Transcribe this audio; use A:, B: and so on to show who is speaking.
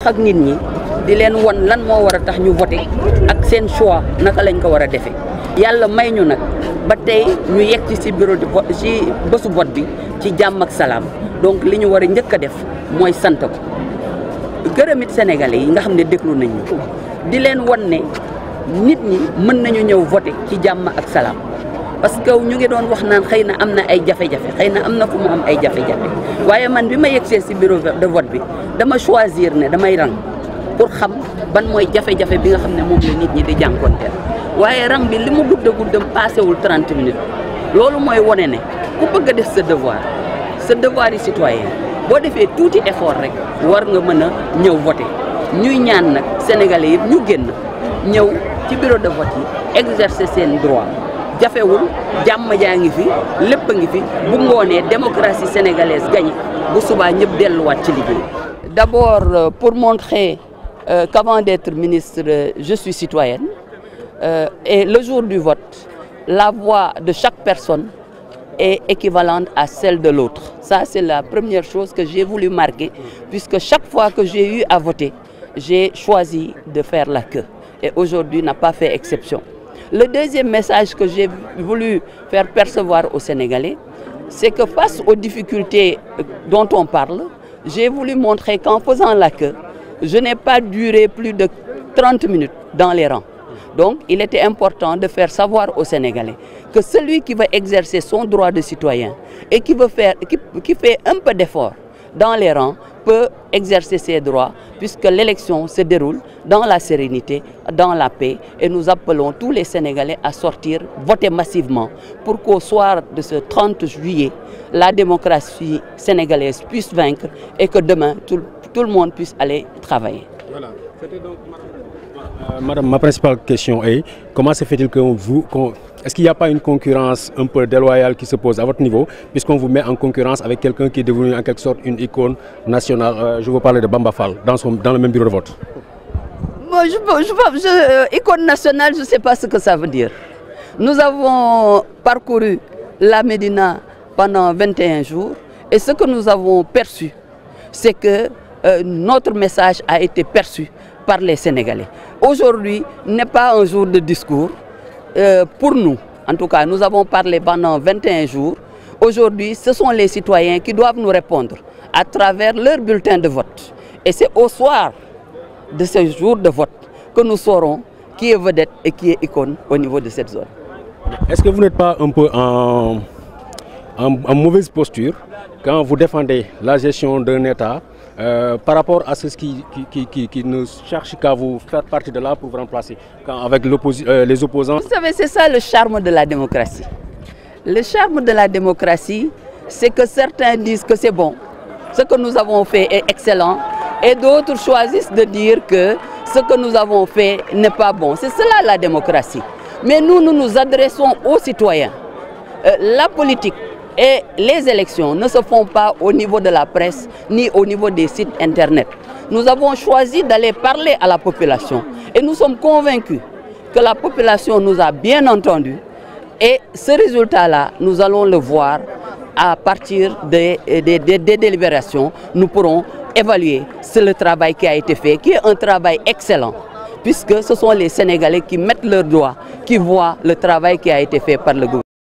A: ak nit ñi di leen won lan moo war a tax ñu voté ak seen choix naka lañ ko war a defee yàlla may ñu nag ba tey ñu yegg ci si bureau de vote ci bésu vote bi ci jàmm ak salaam donc li ñu war a njëkk a def mooy sant ko gërëmit sénégalais yi nga xam ne déglu nañ ñu di leen won ne nit ñi mën nañu ñëw voté ci jàmm ak salaam parce que ñu ngi doon wax naan xëy na am na ay jafe-jafe xëy na am na fu mu am ay jafe-jafe waaye man bi ma yegsee si bureau de vote bi dama choisir ne damay rang pour xam ban mooy jafe bi nga xam ne moom la nit ñi di jànkonteel waaye rang bi li mu gudda gudda paasewul 30 minutes loolu mooy wone ne ku bëgg a def sa devoir sa devoir yi citoyen boo defee tuuti effort rek war nga mën a ñëw voter ñuy ñaan nag sénégalais yëpp ñu génn ñëw ci bureau de vote yi exercer seen droit jafewul fi fi bu démocratie sénégalaise gagne. bu D'abord euh, pour montrer euh, qu'avant d'être ministre euh, je suis citoyenne et le jour du vote la voix de chaque personne est équivalente à celle de l'autre. Ça c'est la première chose que j'ai voulu marquer puisque chaque fois que j'ai eu à voter j'ai choisi de faire la queue et aujourd'hui n'a pas fait exception. Le deuxième message que j'ai voulu faire percevoir aux Sénégalais, c'est que face aux difficultés euh, dont on parle, j'ai voulu montrer qu'en faisant la queue, je n'ai pas duré plus de 30 minutes dans les rangs. Donc, il était important de faire savoir aux Sénégalais que celui qui va exercer son droit de citoyen et qui, veut faire, qui fait un peu d'effort dans les rangs, peut exercer ses droits puisque l'élection se déroule dans la sérénité, dans la paix et nous appelons tous les Sénégalais à sortir, voter massivement pour qu'au soir de ce 30 juillet, la démocratie sénégalaise puisse vaincre et que demain tout, le monde puisse aller travailler.
B: Voilà. Euh, ma principale question est comment se fait-il que vous... Est-ce qu'il n'y a pas une concurrence un peu déloyale qui se pose à votre niveau, puisqu'on vous met en concurrence avec quelqu'un qui est devenu en quelque sorte une icône nationale euh, Je vous parlais de Bamba Fall, dans, le même bureau de vote.
A: Euh, icône nationale, je ne sais pas ce que ça veut dire. Nous avons parcouru la Médina pendant 21 jours et ce que nous avons perçu, c'est que euh, notre message a été perçu par les Sénégalais. Aujourd'hui n'est pas un jour de discours, euh, pour nous, en tout cas, nous avons parlé pendant 21 jours. Aujourd'hui, ce sont les citoyens qui doivent nous répondre à travers leur bulletin de vote. Et c'est au soir de ce jour de vote que nous saurons qui est vedette et qui est icône au niveau de cette zone.
B: Est-ce que vous n'êtes pas un peu en, mauvaise posture quand vous défendez la gestion d'un État euh, par rapport à ce qui,
A: qui, qui, qui ne cherchent qu'à vous faire partie de là pour vous remplacer avec euh, les opposants Vous savez, c'est ça le charme de la démocratie. Le charme de la démocratie, c'est que certains disent que c'est bon, ce que nous avons fait est excellent, et d'autres choisissent de dire que ce que nous avons fait n'est pas bon. C'est cela la démocratie. Mais nous, nous nous adressons aux citoyens. Euh, la politique, et les élections ne se font pas au niveau de la presse ni au niveau des sites internet. Nous avons choisi d'aller parler à la population et nous sommes convaincus que la population nous a bien entendus et ce résultat-là, nous allons le voir à partir des, délibérations. Nous pourrons évaluer ce le travail qui a été fait, qui est un travail excellent puisque ce sont les Sénégalais qui mettent leurs doigts, qui voient le travail qui a été fait par le gouvernement.